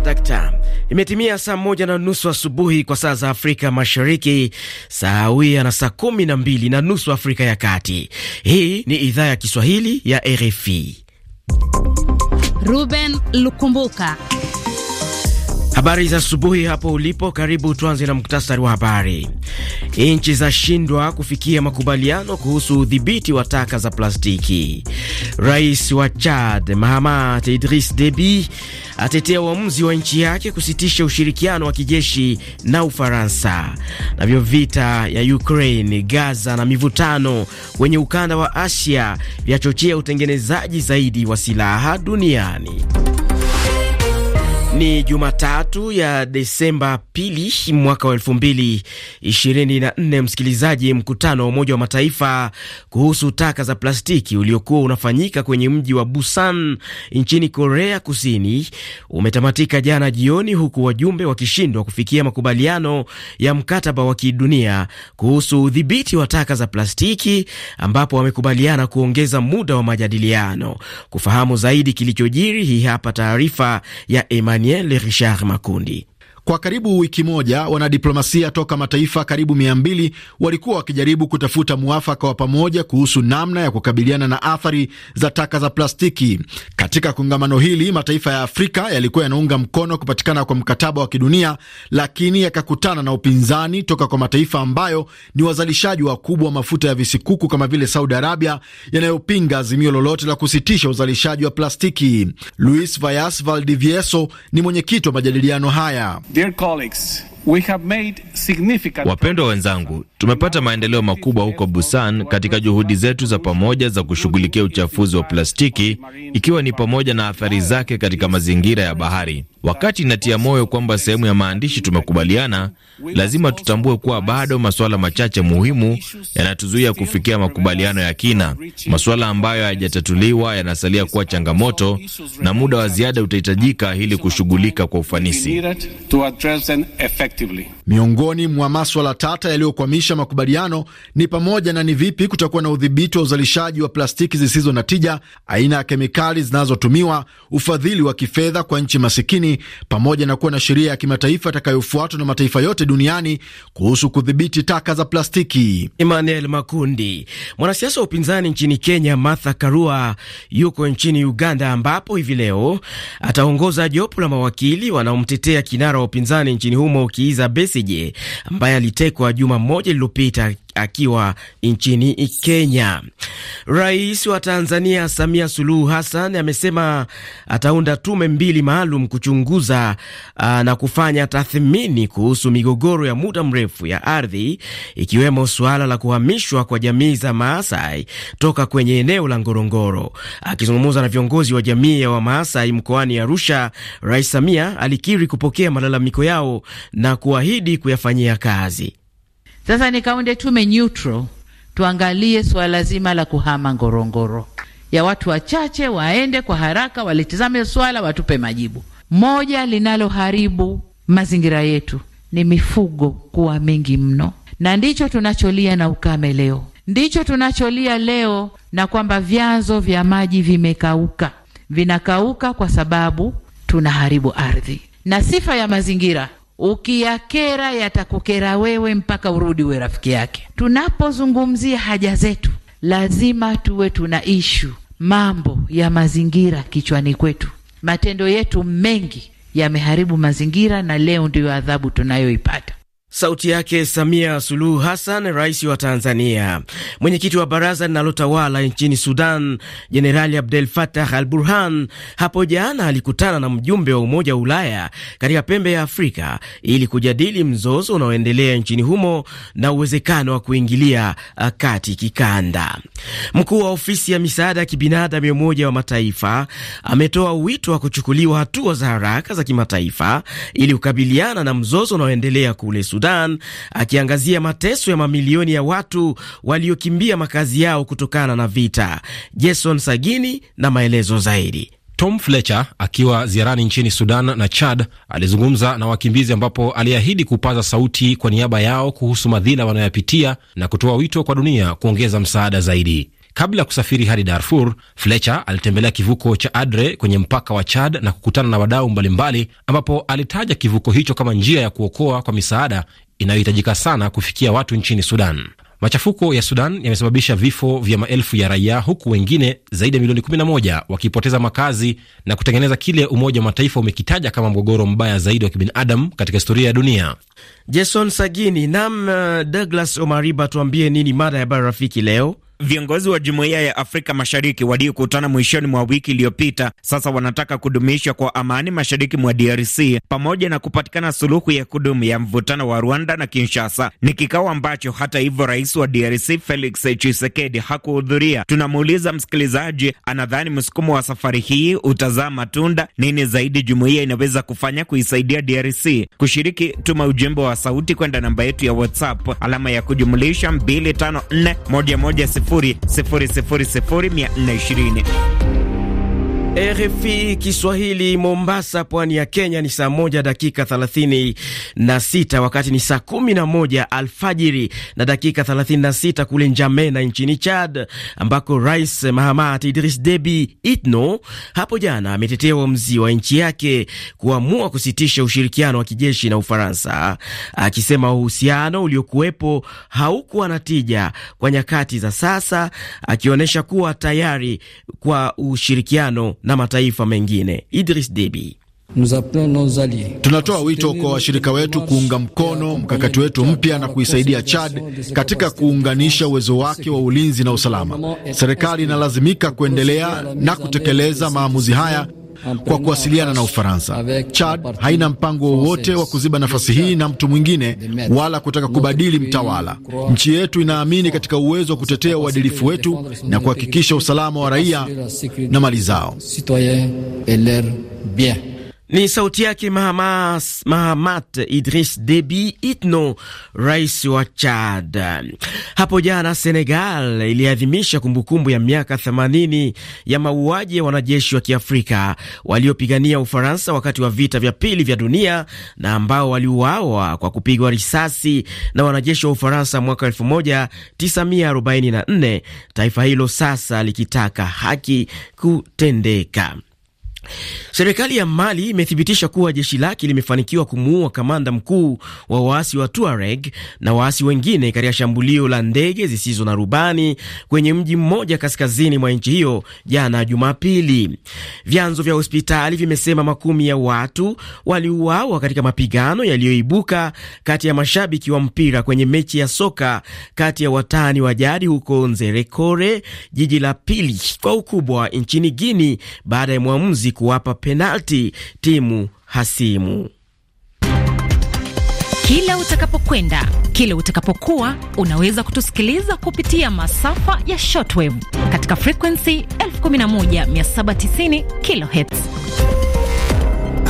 dakta. Imetimia saa moja na nusu asubuhi kwa saa za Afrika Mashariki, saa wia na saa kumi na mbili na nusu Afrika ya Kati. Hii ni idhaa ya Kiswahili ya RFI. Ruben Lukumbuka Habari za asubuhi hapo ulipo, karibu. Tuanze na muktasari wa habari. Nchi zashindwa kufikia makubaliano kuhusu udhibiti wa taka za plastiki. Rais wa Chad Mahamat Idris Deby atetea uamuzi wa nchi yake kusitisha ushirikiano wa kijeshi na Ufaransa. Navyo vita ya Ukraine, Gaza na mivutano kwenye ukanda wa Asia vyachochea utengenezaji zaidi wa silaha duniani. Ni Jumatatu ya Desemba pili mwaka wa elfu mbili ishirini na nne. Msikilizaji, mkutano wa Umoja wa Mataifa kuhusu taka za plastiki uliokuwa unafanyika kwenye mji wa Busan nchini Korea Kusini umetamatika jana jioni, huku wajumbe wakishindwa kufikia makubaliano ya mkataba wa kidunia kuhusu udhibiti wa taka za plastiki, ambapo wamekubaliana kuongeza muda wa majadiliano. Kufahamu zaidi kilichojiri, hii hapa taarifa ya Imani Daniel Richard Makundi. Kwa karibu wiki moja, wanadiplomasia toka mataifa karibu mia mbili walikuwa wakijaribu kutafuta mwafaka wa pamoja kuhusu namna ya kukabiliana na athari za taka za plastiki. Katika kongamano hili, mataifa ya Afrika yalikuwa yanaunga mkono kupatikana kwa mkataba wa kidunia, lakini yakakutana na upinzani toka kwa mataifa ambayo ni wazalishaji wakubwa wa mafuta ya visikuku kama vile Saudi Arabia, yanayopinga azimio lolote la kusitisha uzalishaji wa plastiki. Luis Vayas Valdivieso ni mwenyekiti wa majadiliano haya. Dear colleagues, we have made significant... Wapendwa wenzangu, tumepata maendeleo makubwa huko Busan katika juhudi zetu za pamoja za kushughulikia uchafuzi wa plastiki ikiwa ni pamoja na athari zake katika mazingira ya bahari. Wakati inatia moyo kwamba sehemu ya maandishi tumekubaliana, lazima tutambue kuwa bado masuala machache muhimu yanatuzuia kufikia makubaliano ya kina. Masuala ambayo hayajatatuliwa yanasalia kuwa changamoto na muda wa ziada utahitajika ili kushughulika kwa ufanisi. Miongoni mwa maswala tata yaliyokwamisha makubaliano ni pamoja na ni vipi kutakuwa na udhibiti wa uzalishaji wa plastiki zisizo na tija, aina ya kemikali zinazotumiwa, ufadhili wa kifedha kwa nchi masikini pamoja na kuwa na sheria ya kimataifa itakayofuatwa na mataifa yote duniani kuhusu kudhibiti taka za plastiki. Emmanuel Makundi. Mwanasiasa wa upinzani nchini Kenya Martha Karua yuko nchini Uganda ambapo hivi leo ataongoza jopo la mawakili wanaomtetea kinara wa upinzani nchini humo Kiiza Besije ambaye alitekwa juma moja lililopita akiwa nchini Kenya. Rais wa Tanzania Samia Suluhu Hassan amesema ataunda tume mbili maalum kuchunguza uh, na kufanya tathmini kuhusu migogoro ya muda mrefu ya ardhi ikiwemo suala la kuhamishwa kwa jamii za Maasai toka kwenye eneo la Ngorongoro. Akizungumza na viongozi wa jamii ya Wamaasai mkoani Arusha, Rais Samia alikiri kupokea malalamiko yao na kuahidi kuyafanyia kazi. Sasa ni kaunde tume neutral, tuangalie suala zima la kuhama Ngorongoro, ya watu wachache waende kwa haraka, walitizame swala, watupe majibu. Moja linaloharibu mazingira yetu ni mifugo kuwa mingi mno, na ndicho tunacholia na ukame leo, ndicho tunacholia leo, na kwamba vyanzo vya maji vimekauka, vinakauka kwa sababu tunaharibu ardhi na sifa ya mazingira ukiyakera yatakukera wewe mpaka urudi we rafiki yake. Tunapozungumzia haja zetu, lazima tuwe tuna ishu mambo ya mazingira kichwani kwetu. Matendo yetu mengi yameharibu mazingira, na leo ndiyo adhabu tunayoipata. Sauti yake Samia Suluhu Hassan, rais wa Tanzania. Mwenyekiti wa baraza linalotawala nchini Sudan, Jenerali Abdel Fattah al Burhan, hapo jana alikutana na mjumbe wa Umoja wa Ulaya katika pembe ya Afrika ili kujadili mzozo unaoendelea nchini humo na uwezekano wa kuingilia uh, kati kikanda. Mkuu wa ofisi ya misaada ya kibinadamu ya Umoja wa Mataifa ametoa wito wa kuchukuliwa hatua za haraka za kimataifa ili kukabiliana na mzozo unaoendelea kule Sudan. Sudan, akiangazia mateso ya mamilioni ya watu waliokimbia makazi yao kutokana na vita. Jason Sagini na maelezo zaidi. Tom Fletcher akiwa ziarani nchini Sudan na Chad alizungumza na wakimbizi ambapo aliahidi kupaza sauti kwa niaba yao kuhusu madhila wanayoyapitia na kutoa wito kwa dunia kuongeza msaada zaidi. Kabla ya kusafiri hadi Darfur, Fletcher alitembelea kivuko cha Adre kwenye mpaka wa Chad na kukutana na wadau mbalimbali, ambapo alitaja kivuko hicho kama njia ya kuokoa kwa misaada inayohitajika sana kufikia watu nchini Sudan. Machafuko ya Sudan yamesababisha vifo vya maelfu ya raia huku wengine zaidi ya milioni 11 wakipoteza makazi na kutengeneza kile Umoja wa Mataifa umekitaja kama mgogoro mbaya zaidi wa kibinadamu katika historia ya dunia. Jason Sagini nam uh, Douglas Omariba, tuambie nini mada ya bara rafiki leo? Viongozi wa jumuiya ya Afrika Mashariki waliokutana mwishoni mwa wiki iliyopita sasa wanataka kudumisha kwa amani mashariki mwa DRC pamoja na kupatikana suluhu ya kudumu ya mvutano wa Rwanda na Kinshasa. Ni kikao ambacho hata hivyo rais wa DRC Felix Tshisekedi hakuhudhuria. Tunamuuliza msikilizaji, anadhani msukumo wa safari hii utazaa matunda? Nini zaidi jumuiya inaweza kufanya kuisaidia DRC? Kushiriki, tuma ujumbe wa sauti kwenda namba yetu ya WhatsApp alama ya kujumlisha 254 Se Sefuri, Sefuri, Sefuri, Sefuri mi-a neșrini. RFI Kiswahili Mombasa, pwani ya Kenya ni saa moja dakika thelathini na sita wakati ni saa kumi na moja alfajiri na dakika thelathini na sita kule Njamena nchini Chad, ambako Rais Mahamat Idris Debi Itno hapo jana ametetea uamuzi wa nchi yake kuamua kusitisha ushirikiano wa kijeshi na Ufaransa, akisema uhusiano uliokuwepo haukuwa na tija kwa nyakati za sasa, akionyesha kuwa tayari kwa ushirikiano na mataifa mengine. Idris Deby Tunatoa wito kwa washirika wetu kuunga mkono mkakati wetu mpya na kuisaidia Chad katika kuunganisha uwezo wake wa ulinzi na usalama. Serikali inalazimika kuendelea na kutekeleza maamuzi haya kwa kuwasiliana na Ufaransa. Chad haina mpango wowote wa kuziba nafasi hii na mtu mwingine wala kutaka kubadili mtawala. Nchi yetu inaamini katika uwezo wa kutetea uadilifu wetu na kuhakikisha usalama wa raia na mali zao. Ni sauti yake Mahamat Idris debi Itno, rais wa Chad. Hapo jana Senegal iliadhimisha kumbukumbu ya miaka 80 ya mauaji ya wanajeshi wa Kiafrika waliopigania Ufaransa wakati wa vita vya pili vya dunia na ambao waliuawa kwa kupigwa risasi na wanajeshi wa Ufaransa mwaka 1944, taifa hilo sasa likitaka haki kutendeka. Serikali ya Mali imethibitisha kuwa jeshi lake limefanikiwa kumuua kamanda mkuu wa waasi wa Tuareg na waasi wengine katika shambulio la ndege zisizo na rubani kwenye mji mmoja kaskazini mwa nchi hiyo jana Jumapili. Vyanzo vya hospitali vimesema makumi ya watu waliuawa katika mapigano yaliyoibuka kati ya mashabiki wa mpira kwenye mechi ya soka kati ya watani wa jadi huko Nzerekore, jiji la pili kwa ukubwa nchini Guini, baada ya mwamuzi kuwapa penalti timu hasimu. Kila utakapokwenda, kila utakapokuwa, unaweza kutusikiliza kupitia masafa ya shortwave katika frequency 11790 kilohertz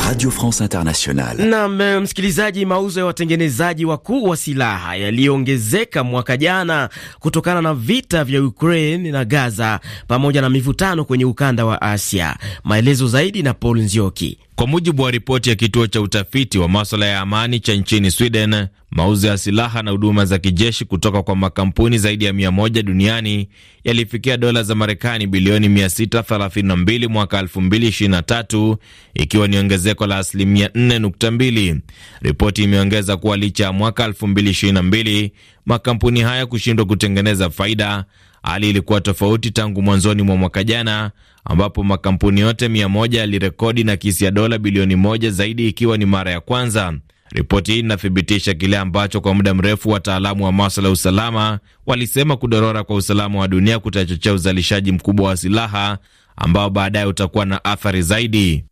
Radio France Internationale. Naam, eh, msikilizaji, mauzo ya watengenezaji wakuu wa silaha yaliyoongezeka mwaka jana kutokana na vita vya Ukraine na Gaza pamoja na mivutano kwenye ukanda wa Asia. Maelezo zaidi na Paul Nzioki. Kwa mujibu wa ripoti ya kituo cha utafiti wa maswala ya amani cha nchini Sweden, mauzo ya silaha na huduma za kijeshi kutoka kwa makampuni zaidi ya 1 duniani yalifikia dola za Marekani bilioni 632 mwaka 2023, ikiwa ni ongezeko la asilimia 4.2. Ripoti imeongeza kuwa licha ya mwaka 2022 makampuni haya kushindwa kutengeneza faida, Hali ilikuwa tofauti tangu mwanzoni mwa mwaka jana ambapo makampuni yote mia moja yalirekodi kisi ya dola bilioni moja zaidi ikiwa ni mara ya kwanza. Ripoti hii inathibitisha kile ambacho kwa muda mrefu wataalamu wa maswala ya usalama walisema, kudorora kwa usalama wa dunia kutachochea uzalishaji mkubwa wa silaha ambao baadaye utakuwa na athari zaidi.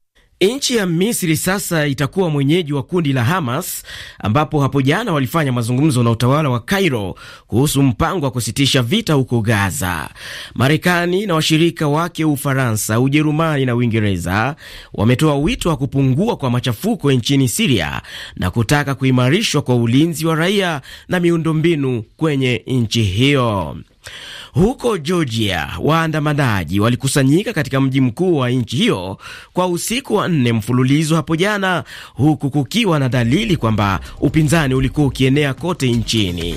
Nchi ya Misri sasa itakuwa mwenyeji wa kundi la Hamas ambapo hapo jana walifanya mazungumzo na utawala wa Cairo kuhusu mpango wa kusitisha vita huko Gaza. Marekani na washirika wake Ufaransa, Ujerumani na Uingereza wametoa wito wa kupungua kwa machafuko nchini Siria na kutaka kuimarishwa kwa ulinzi wa raia na miundombinu kwenye nchi hiyo. Huko Georgia, waandamanaji walikusanyika katika mji mkuu wa nchi hiyo kwa usiku wa nne mfululizo hapo jana, huku kukiwa na dalili kwamba upinzani ulikuwa ukienea kote nchini.